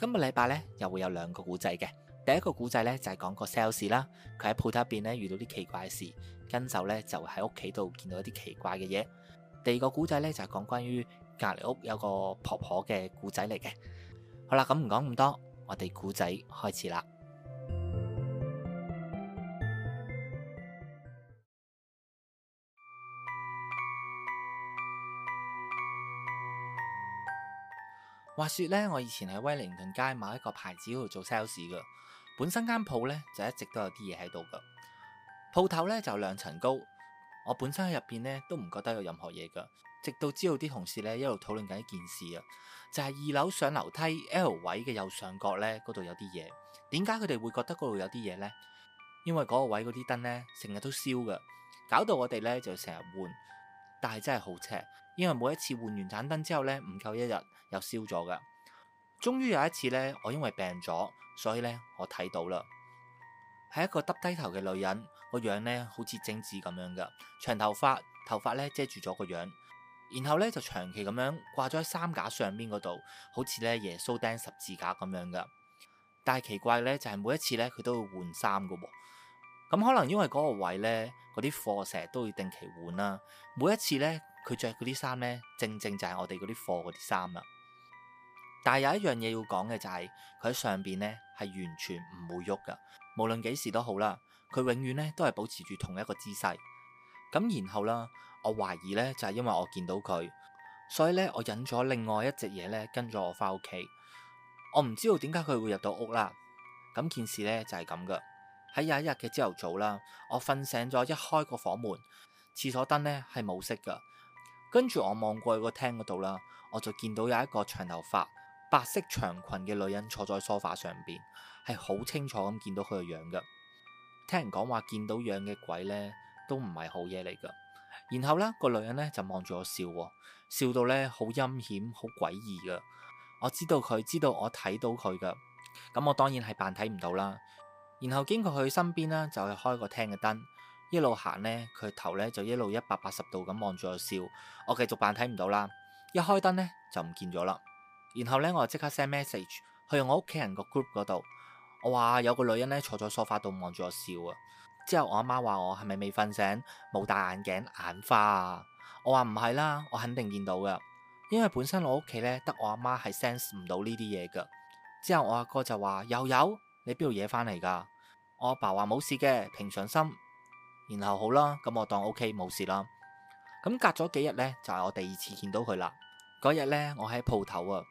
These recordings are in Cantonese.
今日禮拜咧，又會有兩個古仔嘅，第一個古仔咧就係講個 sales 啦，佢喺鋪頭入邊咧遇到啲奇怪嘅事，跟就咧就喺屋企度見到一啲奇怪嘅嘢。第二個古仔咧就係講關於隔籬屋有個婆婆嘅古仔嚟嘅。好啦，咁唔講咁多，我哋古仔開始啦。話說咧，我以前喺威靈頓街某一個牌子嗰度做 sales 噶本身間鋪咧就一直都有啲嘢喺度噶鋪頭咧就兩層高，我本身喺入邊咧都唔覺得有任何嘢噶直到知道啲同事咧一路討論緊一件事啊，就係二樓上樓梯 L 位嘅右上角咧嗰度有啲嘢。點解佢哋會覺得嗰度有啲嘢呢？因為嗰個位嗰啲燈咧成日都燒噶搞到我哋咧就成日換。但係真係好邪，因為每一次換完盞燈之後呢，唔夠一日又燒咗噶。終於有一次呢，我因為病咗，所以呢，我睇到啦，係一個耷低頭嘅女人，個樣呢好似貞子咁樣噶，長頭髮，頭髮呢遮住咗個樣，然後呢就長期咁樣掛咗喺衫架上面嗰度，好似呢耶穌釘十字架咁樣噶。但係奇怪呢，就係每一次呢，佢都會換衫噶。咁可能因為嗰個位呢，嗰啲貨成日都會定期換啦。每一次呢，佢着嗰啲衫呢，正正就係我哋嗰啲貨嗰啲衫啦。但係有一樣嘢要講嘅就係、是，佢喺上邊呢係完全唔會喐噶，無論幾時好都好啦。佢永遠呢都係保持住同一個姿勢。咁然後啦，我懷疑呢就係因為我見到佢，所以呢我引咗另外一隻嘢呢跟咗我翻屋企。我唔知道點解佢會入到屋啦。咁件事呢就係咁噶。喺有一日嘅朝頭早啦，我瞓醒咗，一開個房門，廁所燈咧係冇熄噶。跟住我望過去個廳嗰度啦，我就見到有一個長頭髮、白色長裙嘅女人坐在梳化上邊，係好清楚咁見到佢個樣噶。聽人講話見到樣嘅鬼咧，都唔係好嘢嚟噶。然後咧，個女人咧就望住我笑，笑到咧好陰險、好詭異噶。我知道佢知道我睇到佢噶，咁我當然係扮睇唔到啦。然後經過佢身邊咧，就去、是、開個廳嘅燈，一路行咧，佢頭咧就一路一百八十度咁望住我笑，我繼續扮睇唔到啦。一開燈咧就唔見咗啦。然後咧我就即刻 send message 去我屋企人個 group 嗰度，我話有個女人咧坐咗梳化度望住我笑啊。之後我阿媽話我係咪未瞓醒，冇戴眼鏡眼花啊？我話唔係啦，我肯定見到噶，因為本身我屋企咧得我阿媽係 sense 唔到呢啲嘢噶。之後我阿哥、哥就話又有、有。你邊度嘢返嚟噶？我阿爸話冇事嘅，平常心，然後好啦，咁我當 O K 冇事啦。咁隔咗幾日呢，就係、是、我第二次見到佢啦。嗰日呢，我喺鋪頭啊，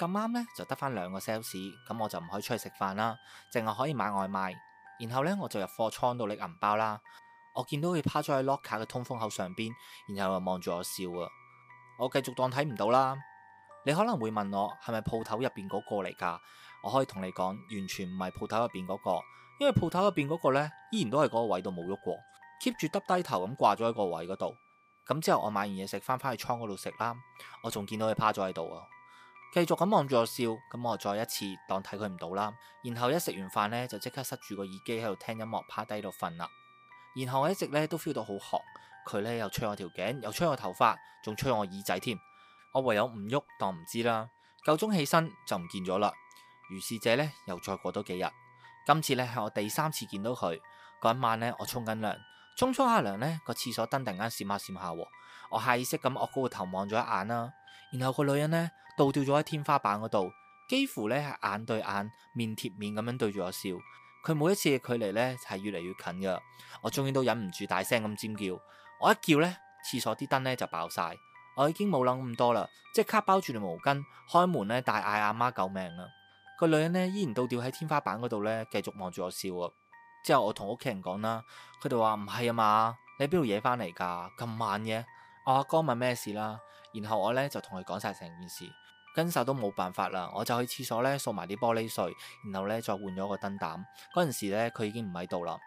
咁啱呢，就得翻兩個 sales，咁我就唔可以出去食飯啦，淨係可以買外賣。然後呢，我就入貨倉度拎銀包啦。我見到佢趴咗喺 locker 嘅通風口上邊，然後又望住我笑啊。我繼續當睇唔到啦。你可能會問我係咪鋪頭入邊嗰個嚟噶？我可以同你講，完全唔係鋪頭入邊嗰個，因為鋪頭入邊嗰個呢，依然都係嗰個位度冇喐過，keep 住耷低頭咁掛咗喺個位嗰度。咁之後我買完嘢食，翻返去倉嗰度食啦，我仲見到佢趴咗喺度啊，繼續咁望住我笑。咁我再一次當睇佢唔到啦。然後一食完飯呢，就即刻塞住個耳機喺度聽音樂，趴低度瞓啦。然後我一直呢都 feel 到好渴，佢呢又吹我條頸，又吹我頭髮，仲吹我耳仔添。我唯有唔喐，當唔知啦。夠鐘起身就唔見咗啦。於是者咧，又再過多幾日。今次咧係我第三次見到佢嗰晚咧。我沖緊涼，沖沖下涼咧，個廁所燈突然間閃下閃下。我下意識咁惡高個頭望咗一眼啦，然後個女人咧倒掉咗喺天花板嗰度，幾乎咧係眼對眼、面貼面咁樣對住我笑。佢每一次嘅距離咧係越嚟越近噶。我終於都忍唔住大聲咁尖叫。我一叫咧，廁所啲燈咧就爆晒。我已經冇諗咁多啦，即刻包住條毛巾，開門咧，大嗌阿媽，媽救命啦！個女人咧依然倒吊喺天花板嗰度咧，繼續望住我笑啊。之後我同屋企人講啦，佢哋話唔係啊嘛，你喺邊度惹翻嚟噶咁慢嘅？我阿哥問咩事啦？然後我咧就同佢講晒成件事，跟手都冇辦法啦。我就去廁所咧掃埋啲玻璃碎，然後咧再換咗個燈膽。嗰陣時咧佢已經唔喺度啦。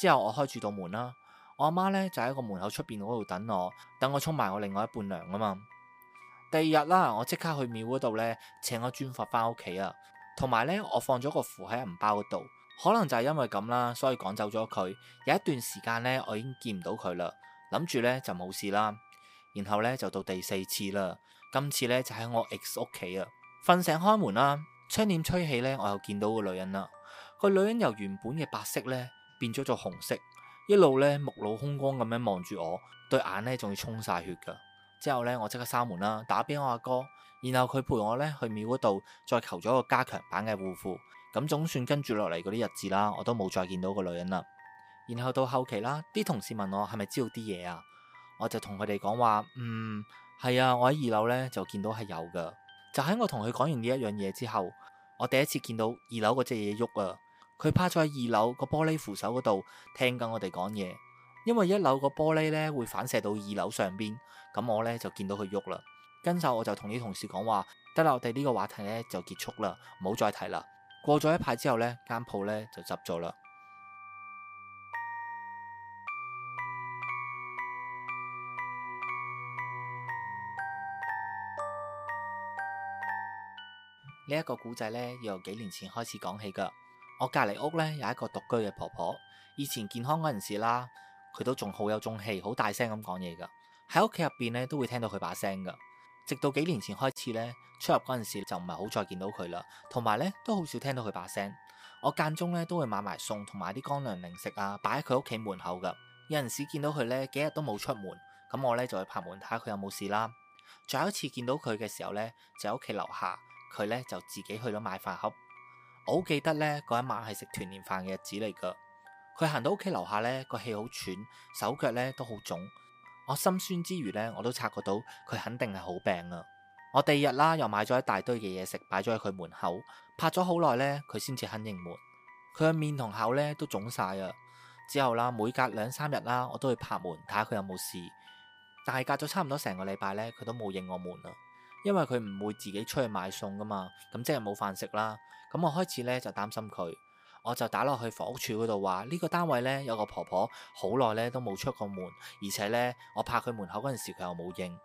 之後我開住道門啦，我阿媽咧就喺個門口出邊嗰度等我，等我沖埋我另外一半涼啊嘛。第二日啦，我即刻去廟嗰度咧請咗尊佛翻屋企啊。同埋咧，我放咗個符喺銀包度，可能就係因為咁啦，所以趕走咗佢。有一段時間咧，我已經見唔到佢啦，諗住咧就冇事啦。然後咧就到第四次啦，今次咧就喺我 ex 屋企啊。瞓醒開門啦，窗簾吹起咧，我又見到個女人啦。個女人由原本嘅白色咧變咗做紅色，一路咧目露凶光咁樣望住我，對眼咧仲要沖晒血噶。之後咧我即刻閂門啦，打俾我阿哥，哥。然後佢陪我咧去廟嗰度，再求咗一個加強版嘅護符，咁總算跟住落嚟嗰啲日子啦，我都冇再見到個女人啦。然後到後期啦，啲同事問我係咪知道啲嘢啊，我就同佢哋講話，嗯，係啊，我喺二樓咧就見到係有噶。就喺我同佢講完呢一樣嘢之後，我第一次見到二樓嗰隻嘢喐啊，佢趴咗喺二樓個玻璃扶手嗰度聽緊我哋講嘢，因為一樓個玻璃咧會反射到二樓上邊，咁我咧就見到佢喐啦。跟手我就同啲同事講話，得啦，我哋呢個話題呢就結束啦，唔好再提啦。過咗一排之後呢，間鋪呢就執咗啦。呢一個古仔咧，要由幾年前開始講起噶。我隔籬屋呢，有一個獨居嘅婆婆，以前健康嗰陣時啦，佢都仲好有中氣，好大聲咁講嘢噶。喺屋企入邊呢，都會聽到佢把聲噶。直到幾年前開始咧，出入嗰陣時就唔係好再見到佢啦，同埋咧都好少聽到佢把聲。我間中咧都會買埋餸同埋啲乾糧零食啊，擺喺佢屋企門口噶。有陣時見到佢咧幾日都冇出門，咁我咧就去拍門睇下佢有冇事啦。再有一次見到佢嘅時候咧，就喺屋企樓下，佢咧就自己去咗買飯盒。我好記得咧，嗰一晚係食團年飯嘅日子嚟噶，佢行到屋企樓下咧，個氣好喘，手腳咧都好腫。我心酸之餘呢，我都察覺到佢肯定係好病啊！我第二日啦，又買咗一大堆嘅嘢食擺咗喺佢門口，拍咗好耐呢，佢先至肯應門。佢嘅面同口呢，都腫晒啊！之後啦，每隔兩三日啦，我都去拍門睇下佢有冇事。但係隔咗差唔多成個禮拜呢，佢都冇應我門啊，因為佢唔會自己出去買餸噶嘛，咁即係冇飯食啦。咁我開始呢，就擔心佢。我就打落去房屋處嗰度話呢個單位呢，有個婆婆好耐呢都冇出過門，而且呢，我拍佢門口嗰陣時佢又冇應，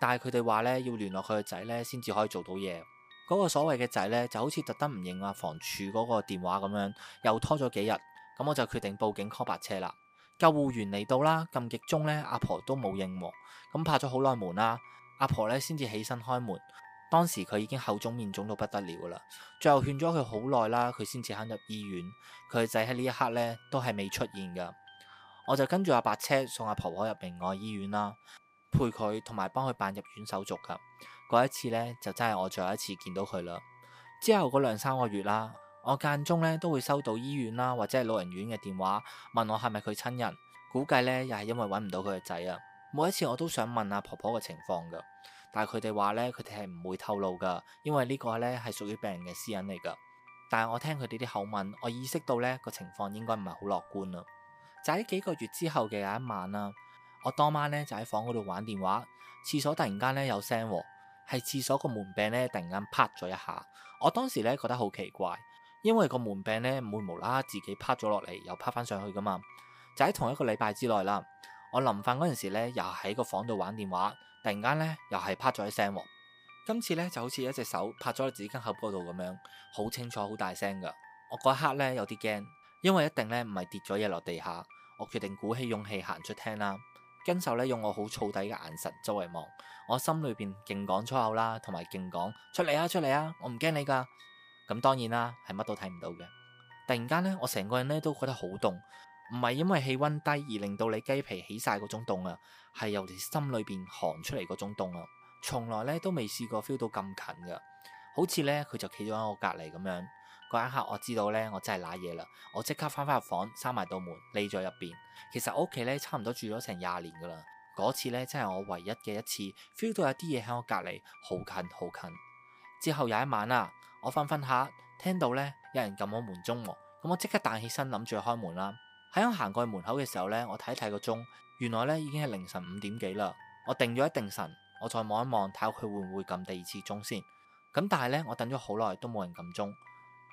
但係佢哋話呢，要聯絡佢個仔呢，先至可以做到嘢。嗰、嗰個所謂嘅仔呢，就好似特登唔應啊房處嗰個電話咁樣，又拖咗幾日。咁我就決定報警 call 白車啦。救護員嚟到啦，㩒極鐘呢，阿婆都冇應，咁拍咗好耐門啦，阿婆呢先至起身開門。當時佢已經口腫面腫到不得了啦，最後勸咗佢好耐啦，佢先至肯入醫院。佢嘅仔喺呢一刻呢都係未出現噶，我就跟住阿白車送阿婆婆入另外醫院啦，陪佢同埋幫佢辦入院手續噶。嗰一次呢，就真係我最後一次見到佢啦。之後嗰兩三個月啦，我間中呢都會收到醫院啦或者係老人院嘅電話，問我係咪佢親人，估計呢，又係因為揾唔到佢嘅仔啊。每一次我都想問阿婆婆嘅情況噶。但係佢哋話咧，佢哋係唔會透露噶，因為呢個咧係屬於病人嘅私隱嚟噶。但係我聽佢哋啲口吻，我意識到咧個情況應該唔係好樂觀啊。就喺幾個月之後嘅有一晚啦，我當晚咧就喺房嗰度玩電話，厠所突然間咧有聲，係厠所個門柄咧突然間啪咗一下。我當時咧覺得好奇怪，因爲個門柄咧唔會無啦啦自己啪咗落嚟又啪翻上去噶嘛。就喺同一個禮拜之內啦，我臨瞓嗰陣時咧又喺個房度玩電話。突然間咧，又係啪咗一聲，今次咧就好似一隻手拍咗喺紙巾盒嗰度咁樣，好清楚，好大聲噶。我嗰一刻咧有啲驚，因為一定咧唔係跌咗嘢落地下。我決定鼓起勇氣行出廳啦，跟手咧用我好燥底嘅眼神周圍望，我心裏邊勁講粗口啦，同埋勁講出嚟啊出嚟啊，我唔驚你噶。咁當然啦，係乜都睇唔到嘅。突然間咧，我成個人咧都覺得好凍。唔係因為氣溫低而令到你雞皮起晒嗰種凍啊，係由你心裏邊寒出嚟嗰種凍啊。從來咧都未試過 feel 到咁近噶，好似咧佢就企咗喺我隔籬咁樣，嗰一刻，我知道咧我真係瀨嘢啦。我即刻翻返入房，閂埋道門，匿咗入邊。其實我屋企咧差唔多住咗成廿年噶啦。嗰次咧真係我唯一嘅一次 feel 到有啲嘢喺我隔籬好近好近。之後有一晚啊，我瞓瞓下聽到咧有人撳我門鐘，啊，咁我即刻彈起身諗住開門啦。喺我行過去門口嘅時候呢，我睇一睇個鐘，原來呢已經係凌晨五點幾啦。我定咗一定神，我再望一望，睇下佢會唔會撳第二次鐘先。咁但係呢，我等咗好耐都冇人撳鐘。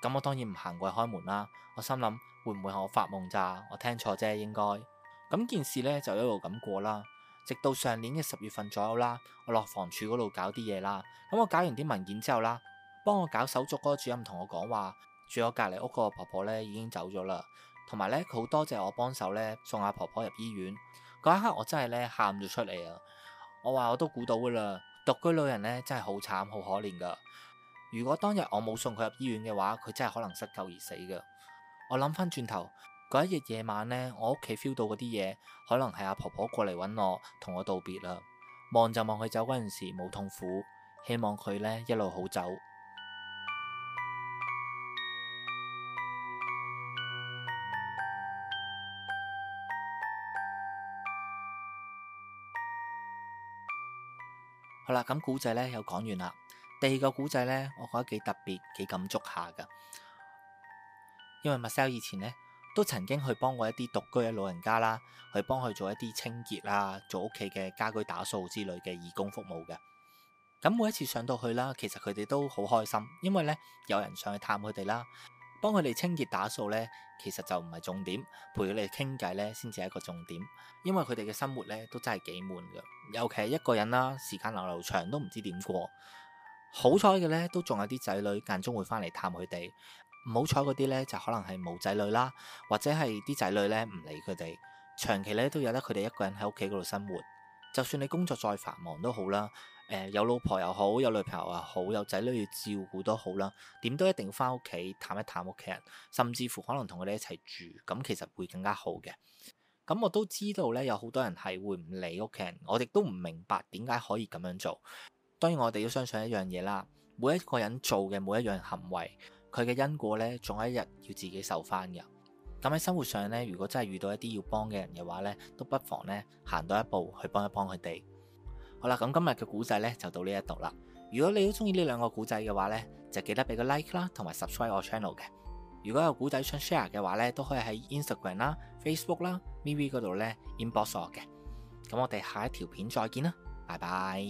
咁我當然唔行過去開門啦。我心諗會唔會係我發夢咋？我聽錯啫，應該。咁件事呢就一路咁過啦，直到上年嘅十月份左右啦，我落房署嗰度搞啲嘢啦。咁我搞完啲文件之後啦，幫我搞手續嗰個主任同我講話，住我隔籬屋個婆婆呢已經走咗啦。同埋咧，佢好多謝我幫手咧送阿婆婆入醫院。嗰一刻我真係咧喊咗出嚟啊！我話我都估到噶啦，獨居老人咧真係好慘好可憐噶。如果當日我冇送佢入醫院嘅話，佢真係可能失救而死噶。我諗翻轉頭，嗰一日夜，夜晚咧，我屋企 feel 到嗰啲嘢，可能係阿婆婆過嚟揾我，同我道別啦。望就望佢走嗰陣時冇痛苦，希望佢咧一路好走。好啦，咁古仔咧又講完啦。第二個古仔咧，我覺得幾特別、幾感觸下嘅，因為 Marcel 以前咧都曾經去幫過一啲獨居嘅老人家啦，去幫佢做一啲清潔啦、做屋企嘅家居打掃之類嘅義工服務嘅。咁每一次上到去啦，其實佢哋都好開心，因為咧有人上去探佢哋啦。幫佢哋清潔打掃呢，其實就唔係重點，陪佢哋傾偈呢，先至係一個重點。因為佢哋嘅生活呢，都真係幾悶㗎，尤其係一個人啦，時間流流長都唔知點過。好彩嘅呢，都仲有啲仔女間中會翻嚟探佢哋。唔好彩嗰啲呢，就可能係冇仔女啦，或者係啲仔女呢，唔理佢哋，長期呢，都有得佢哋一個人喺屋企嗰度生活。就算你工作再繁忙都好啦。誒、呃、有老婆又好，有女朋友又好，有仔女要照顧都好啦，點都一定要翻屋企探一探屋企人，甚至乎可能同佢哋一齊住，咁其實會更加好嘅。咁我都知道咧，有好多人係會唔理屋企人，我哋都唔明白點解可以咁樣做。當然我哋都相信一樣嘢啦，每一個人做嘅每一樣行為，佢嘅因果咧，仲有一日要自己受翻嘅。咁喺生活上咧，如果真係遇到一啲要幫嘅人嘅話咧，都不妨咧行多一步去幫一幫佢哋。好啦，咁今日嘅古仔呢就到呢一度啦。如果你都中意呢兩個古仔嘅話呢，就記得俾個 like 啦，同埋 subscribe 我 channel 嘅。如果有古仔想 share 嘅話呢，都可以喺 Instagram 啦、Facebook 啦、MeWe 嗰度呢 inbox 我嘅。咁我哋下一條片再見啦，拜拜。